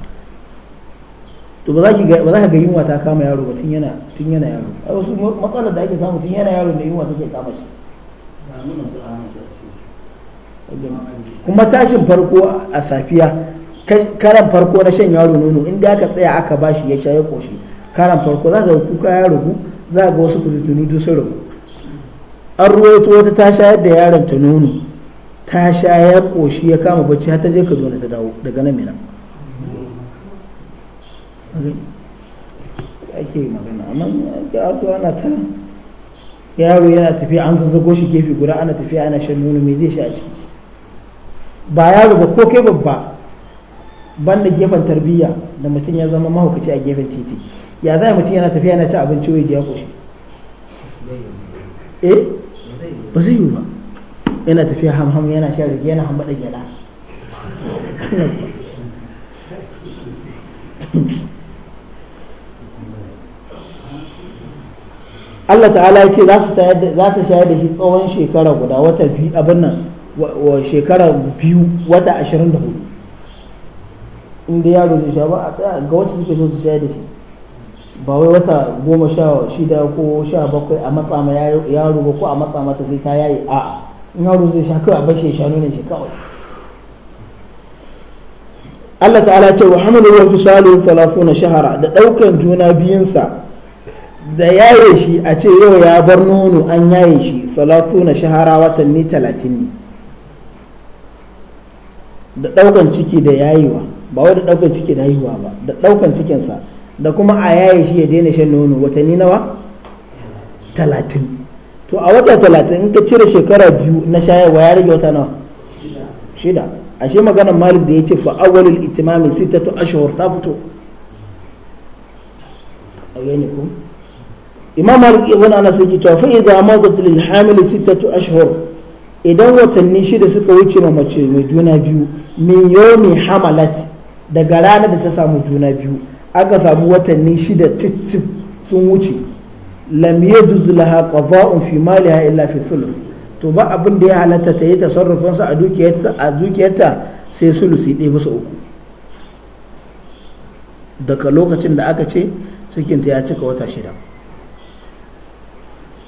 to ba za ki ba za ka ga yunwa ta kama yaro ba tun yana tun yana yaro A wasu matsalar da ake samu tun yana yaro ne yunwa take kama shi kuma tashin farko a safiya karan farko na shan yaro nono inda aka tsaya aka bashi ya sha ya koshi karan farko za ka kuka ya ragu za ga wasu fitinu duk sun ragu an ruwaito wata ta shayar da yaron ta nono ta shayar koshi ya kama bacci har ta je ka zo ta dawo daga nan nan ake magana amma ga ato ana ta yaro yana tafiya an zazzago shi gefe guda ana tafiya ana shan nono me zai sha a ciki ba yaro ba ko kai babba ban da gefen tarbiyya da mutum ya zama mahaukaci a gefen titi ya zai mutum yana tafiya yana ci abinci wai ya koshi eh ba zai yi ba yana tafiya hamham yana sha rigi yana hamba da gyada Allah ta'ala ya ce za ta shayar da shi tsawon shekara guda wata biyu abin nan wa shekara biyu wata ashirin da hudu inda yaro zai sha ba a tsaya ga wacce suke so su shayar da shi ba wai wata goma sha shida ko sha bakwai a matsa ma yaro ba ko a matsa mata sai ta yayi a in yaro zai sha kawai a bar shi sha nuna shi kawai Allah ta'ala ce wa hamalu wa fisalu 30 shahara da daukan juna biyunsa da yaye shi a ce yau ya bar nono an yaye shi salatu na shahara watanni talatin ne da ɗaukan ciki da yayewa ba wai da ɗaukan ciki da yayewa ba da ɗaukan cikinsa da kuma a yaye shi ya daina shan nono watanni nawa talatin to a wata talatin in ka cire shekara biyu na shayarwa ya rage wata nawa shida ashe maganar malik da ya ce fa awwalul itimami sittatu ashhur ta fito a ne kuma imam malik ibn anas yake cewa fa idza madat lil hamil sittatu ashhur idan watanni shida suka wuce ma mace mai juna biyu min yawmi hamalat daga ranar da ta samu juna biyu aka samu watanni shida cicif sun wuce lam yajuz laha qada'un fi maliha illa fi thuluth to ba abin da ya halatta ta yi tasarrufin sa a dukiyarta a dukiyarta sai sulusi ɗaya bisa uku daga lokacin da aka ce cikinta ya cika wata shida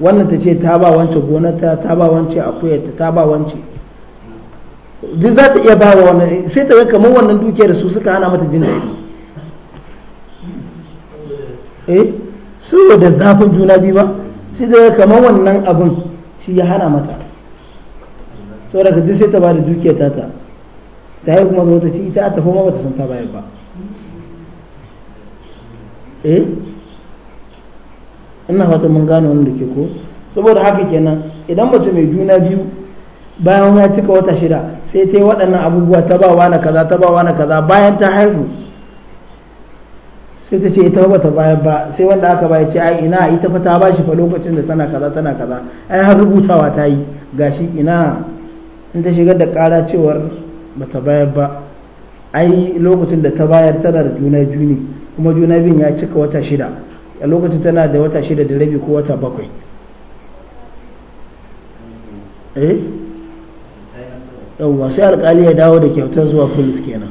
wannan ta ce ta ba wance gonata ta ba wance akuyarta ta ba wance duk za ta iya ba wa wannan sai ta ga kamar wannan dukiyar su suka hana mata jin daɗi eh da zafin juna biyu ba sai ta ga kamar wannan abin shi ya hana mata saboda ka duk sai ta ba da dukiyar ta ta ta haihu kuma zo ta ci ita a tafi ma bata san ta bayar ba eh ina fata mun gane wanda ke ko saboda haka kenan idan mace mai juna biyu bayan ya cika wata shida sai ta yi waɗannan abubuwa ta ba wa na kaza ta ba wa na kaza bayan ta haihu sai ta ce ita ba ta bayan ba sai wanda aka bayar ce ai ina ita fa ta ba shi fa lokacin da tana kaza tana kaza ai har rubutawa ta yi gashi ina in ta shigar da ƙara cewar ba ta bayar ba ai lokacin da ta bayar tana da juna biyu ne kuma juna biyun ya cika wata shida a lokacin tana da wata shida da rabi ko wata bakwai eh yawwa sai alkali ya dawo da kyautar zuwa fulis kenan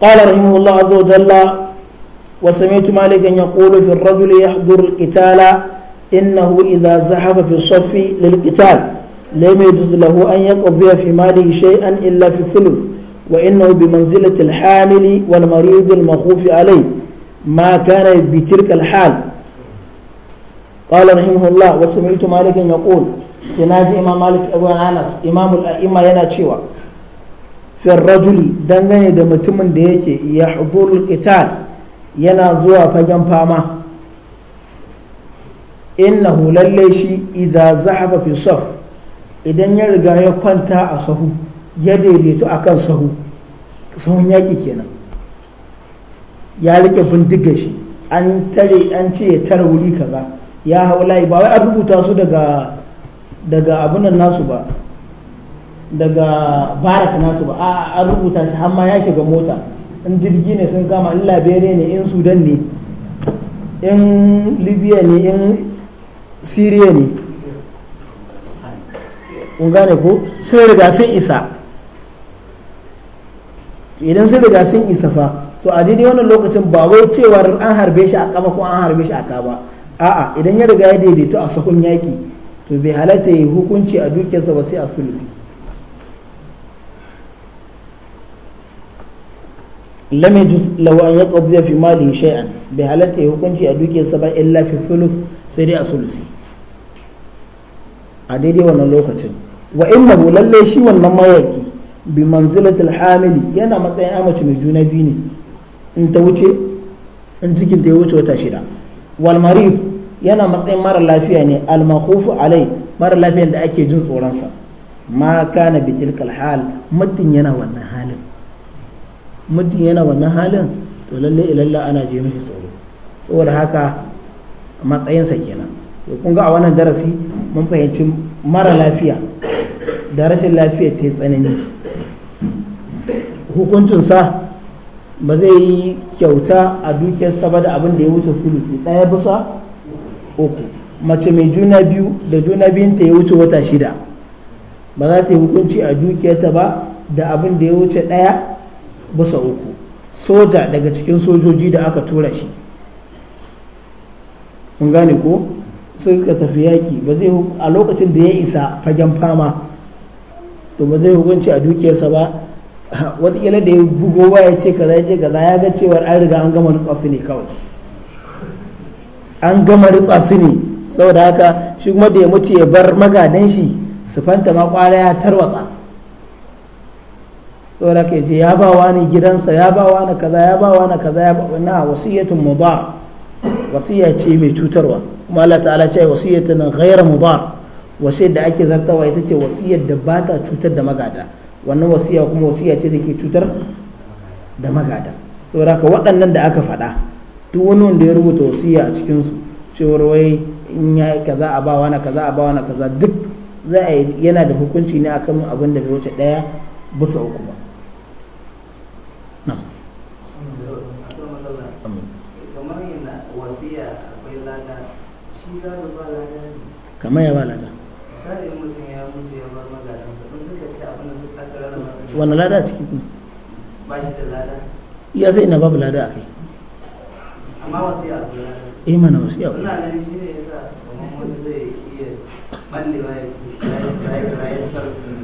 قال رحمه الله عز وجل وسمعت مالكا يقول في الرجل يحضر القتال إنه إذا زحف في الصف للقتال لم يجوز له أن يقضي في ماله شيئا إلا في الثلث وإنه بمنزلة الحامل والمريض المخوف عليه ما كان بتلك الحال قال رحمه الله وسمعت مالكا يقول سناجي إمام مالك أبو أنس إمام الأئمة يناتشيوا في الرجل دنغني دمتمن ديكي يحضر القتال ينازوا فجن فاما إنه لليشي إذا زحف في الصف إذن يرجع يقنتا أصهو ya daidaitu a kan sahu sahun yaƙi kenan ya rike bindiga shi an tare an ce ya tara wuri kaza ya hau layi ba wai an rubuta su daga daga abunan nasu ba daga barak nasu ba a an rubuta shi har ma ya shiga mota in jirgi ne sun kama in labere ne in sudan ne in libya ne in syria ne kun gane ko sai riga sun isa idan sun riga sun isa fa to a daidai wannan lokacin ba wai cewar an harbe shi a kama ko an harbe shi a ba. a'a idan ya riga ya daidaito a sakon yaki to bai halatta ya hukunci a dukiyarsa ba sai a sulusi lam yajuz law an yaqdi fi mali shay'an bai halatta ya hukunci a dukiyarsa ba illa fi sulus sai dai a sulusi a daidai wannan lokacin wa innahu lalle shi wannan mayaki bi hamili yana matsayin amace mai juna biyu ne in ta wuce in cikin ta ya wuce wata shida wal marid yana matsayin mara lafiya ne al makhufu alai mara lafiyan da ake jin tsoron sa ma kana bi tilkal hal mutum yana wannan halin mutum yana wannan halin to lalle ilalla ana je mishi tsoro saboda haka matsayinsa kenan to kun ga a wannan darasi mun fahimci mara lafiya da rashin lafiya ta tsanani hukuncinsa ba zai yi kyauta a dukiyarsa ba da abin da ya wuce sulusi ɗaya bisa uku mace mai juna biyu da juna biyunta ya wuce wata shida ba za ta yi hukunci a dukiyarta ba da abin da ya wuce ɗaya bisa uku soja daga cikin sojoji da aka tura shi mun gane ko suka tafi yaƙi ba zai a lokacin da ya isa fagen fama to ba zai hukunci a dukiyarsa ba wataƙila da ya bugo ya ce kaza ya ce kaza ya ga cewar an riga an gama rutsa su ne kawai an gama rutsa su ne saboda haka shi kuma da ya mace ya bar magadan shi su fanta ma kwara ya tarwatsa saboda haka ya ce ya ba wani gidansa ya ba wani kaza ya ba wani kaza ya ba wani wasiyatun mudar wasiya ce mai cutarwa kuma Allah ta'ala ce wasiyatun ghayra mudar wasiyar da ake zartawa ita ce wasiyar da ba ta cutar da magada wannan wasiya kuma wasiya ce da ke cutar da magada saboda haka waɗannan da aka faɗa duk wani wanda ya rubuta wasiya a cikinsu cewar wai in ya yi kaza a ba wani kaza a ba wani kaza duk za a yana da hukunci ne akan abin da bai wuce ɗaya bisa uku ba kamar ya ba lada mutum ya mutu ya bar wani lada a ciki kuma ba shi da lada sai ina babu lada a kai amma wasu ya abu lada eh mana wasu ya abu lada ganin shi ne kamar wani zai iya ya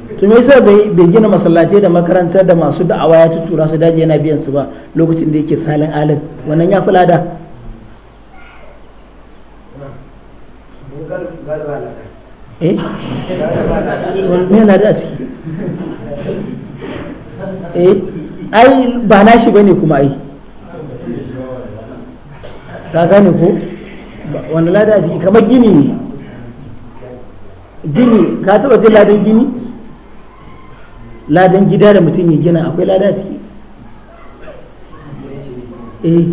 ce to me yasa bai gina masallatai da makaranta da masu da'awa ya tutura su daji yana biyan su ba lokacin da yake salin alin wannan ya fi lada eh me lada a ciki eh ai ba nashi bane kuma ai ka gane ko wanda lada a jiki kamar gini ne gini ka taba jin ladan gini ladan gida da mutum ya gina akwai lada a ciki eh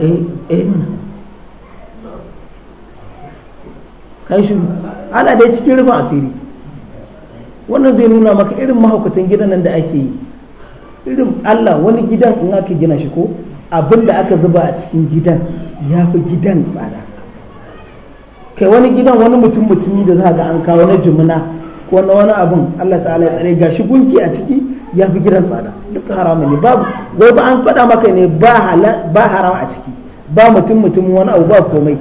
eh, eh mana kai shi ana dai cikin rufin asiri wannan zai nuna maka irin mahaukatan gidan nan da ake yi irin Allah wani gidan in aka gina shi ko abin da aka zuba a cikin gidan ya fi gidan tsada kai wani gidan wani mutum mutumi da za ga an kawo na jumuna ko na wani abin Allah ta'ala ya tsare gashi gunki a ciki ya fi gidan tsada duk haramun ne babu wai ba an faɗa maka ne ba haram a ciki ba mutum mutum wani abu ba komai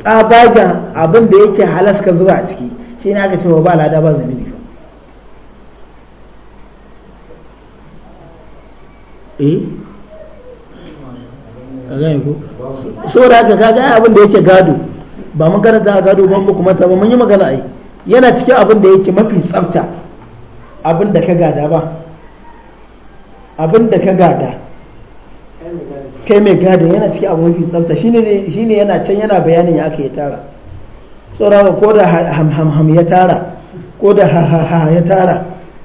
tsabagen abin da yake halas ka zuba a ciki shi ne aka ce ba lada ba zunubi eh gane ko saboda haka kaga abin da yake gado ba mun karanta a gado ba kuma ta ba mun yi magana ai yana cikin abin da yake mafi tsafta abin da ka gada ba abin da ka gada kai mai gada yana cikin abin mafi tsafta shine shine yana can yana bayanin ya aka ya tara saboda ko da ham ham ya tara ko da ha ha ya tara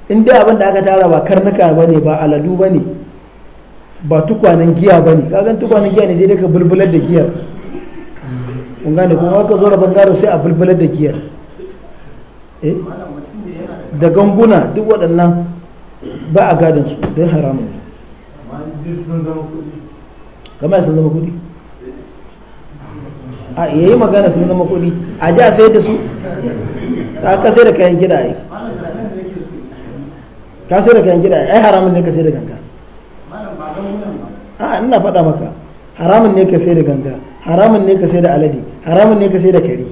in dai abin da aka tara ba karnuka ba ne ba aladu ba ne. ba tukwanen giya ba ne kagan tukwanen giya ne sai dai ka bulbular da giyar kun gane kuma aka zo rabon gado sai a bulbular da giyar eh? da ganguna duk waɗannan ba a gadon su don haramun ne kama sun zama kuɗi a yayi magana sun zama kuɗi a ji a sai da su ka sai da kayan gida ai ka sai da kayan kiɗa ai haramun ne ka sai da ganga a ina faɗa maka haramun ne ka sai da ganga haramun ne ka sai da alade haramun ne ka sai da kari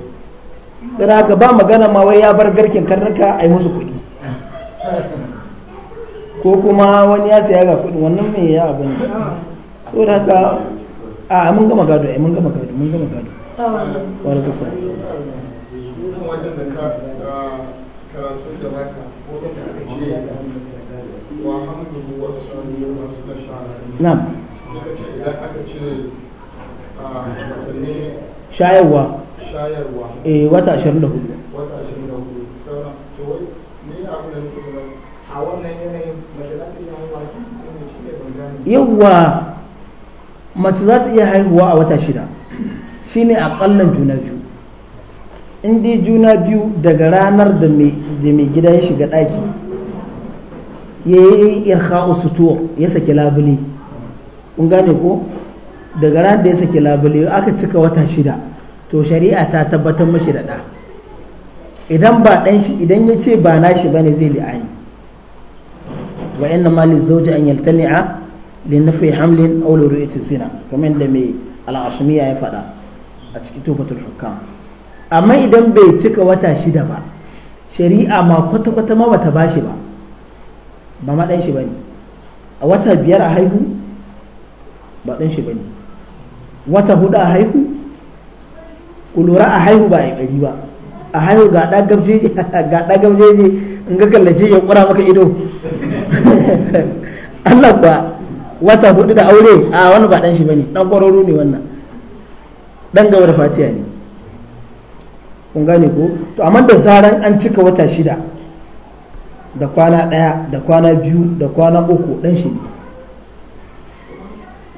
dan haka ba magana ma wai ya bar garken karnuka a yi musu kuɗi ko kuma wani ya saya ga kuɗin wannan ne ya abu ne so da haka a mun gama gado a mun gama gado mun gama gado wani alaikum na'am shayarwa shayarwa eh wata 24 wata 24 sauran to wai ni abu a wannan yanayin mace za ta iya haihuwa ki ne yawa mace za ta iya haihuwa a wata shida shine a kallon juna biyu in dai juna biyu daga ranar da mai gida ya shiga daki yayi yi irka ya saki labuli kun gane ko daga ran da ya sake labule aka cika wata shida to shari'a ta tabbatar mashi da ɗa idan ba ɗan shi idan ya ce ba nashi bane zai li'ani wa inna ma zawji an yaltani'a li nafi hamlin aw li ru'yati zina kamar da mai al-ashmiya ya faɗa a cikin tubatul hukam amma idan bai cika wata shida ba shari'a ma kwata-kwata ma bata bashi ba ba ma ɗan shi bane a wata biyar a haihu ba ɗan shi bane wata huɗu a haihu ku lura a haihu ba a ɗari ba a haihu ga ɗagabjeje ga ɗagabjeje in ga kallace ya ƙura maka ido Allah ba wata huɗu da aure a wani ba ɗan shi bane ɗan ƙwararru ne wannan ɗan gaba da fatiya ne kun gane ko to amma da zaran an cika wata shida da kwana ɗaya da kwana biyu da kwana uku ɗan shi ne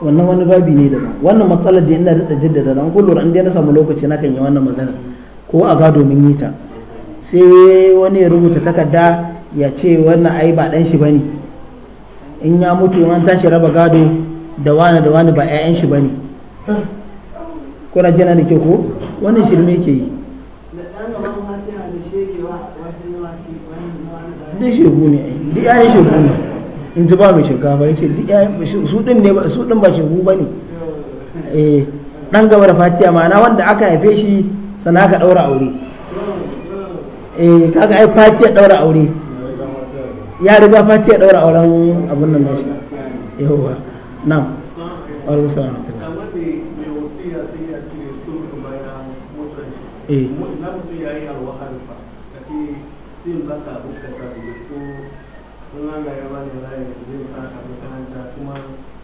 wannan wani babi ne daban wannan matsalar da ina da jaddada da an lura an na samu lokaci na kan yi wannan magana ko a ga domin yi ta sai wani ya rubuta takarda ya ce wannan ai ba dan shi bane in ya mutu in an tashi raba gado da wani da wani ba 'ya'yan shi bane na jana da ke ko wannan shirme ke yi duk shegu ne ai duk 'ya'yan shegu ne in ji ba mai shinkafa ya ce su ɗin ne su ba shinku ba ne eh, ɗan gaba da fatiya ma'ana wanda aka haife shi sana ka ɗaura aure eh, kaga ai fatiya ɗaura aure ya riga fatiya ɗaura auren abun nan nashi yawwa na'am alaikum eh. sa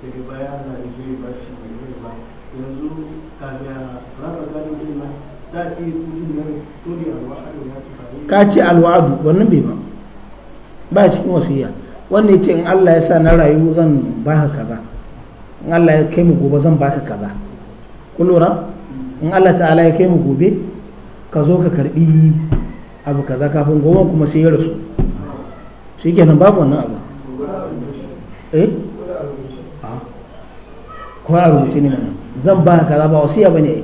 daga baya Allah ya ba ba yanzu a alwa'adu ya ci ka ce alwa'adu wannan bai ba ba cikin wasiya wannan ce in Allah ya sa na rayu zan baka kaza in Allah ya kai mu gobe zan baka kaza ku lura in Allah ta'ala ya kai mu gobe ka zo ka karbi abu kaza kafin gobe kuma sai ya rasu shikenan babu wannan abu eh ko a rubuce ne zan ba kaza ba wasiya bane ai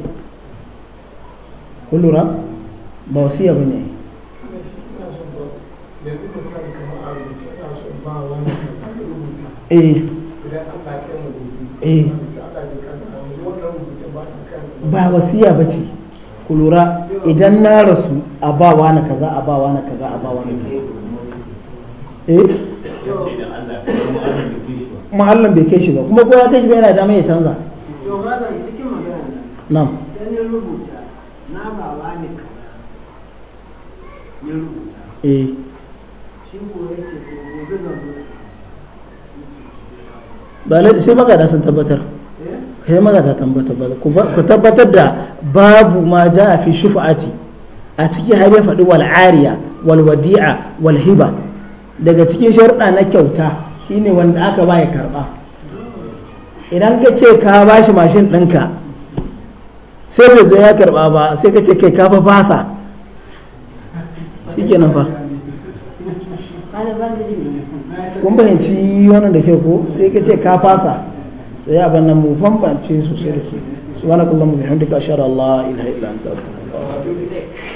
kun lura ba wasiya bane ai eh eh ba wasiya ba ce ku lura idan na rasu a ba wani kaza a ba wani kaza a ba wani kaza eh kuma Allah bai kai shi ba kuma ko ya kai shi ba yana da mai canza to malam cikin magana nan sai ne rubuta na ba wa ne kaza ne rubuta eh shi ko yace ko gobe zan ba lai sai magana sun tabbatar kai eh? magana tambata ba ku tabbatar da babu ma ja fi shufa'ati a ciki har ya faɗi wal ariya wal wadi'a wal hiba daga cikin sharuɗa na kyauta shine wanda aka ba ya karba idan ka ce ka ba shi mashin ɗinka sai bai zo ya karba ba sai ka ce kai ka fa fasa shikenan fa kun fahimci wannan da ke ko sai ka ce ka fasa da ya abin nan mu bambance sosai da su subhanakallahumma bihamdika ashhadu an la ilaha illa anta astaghfiruka wa atubu ilayk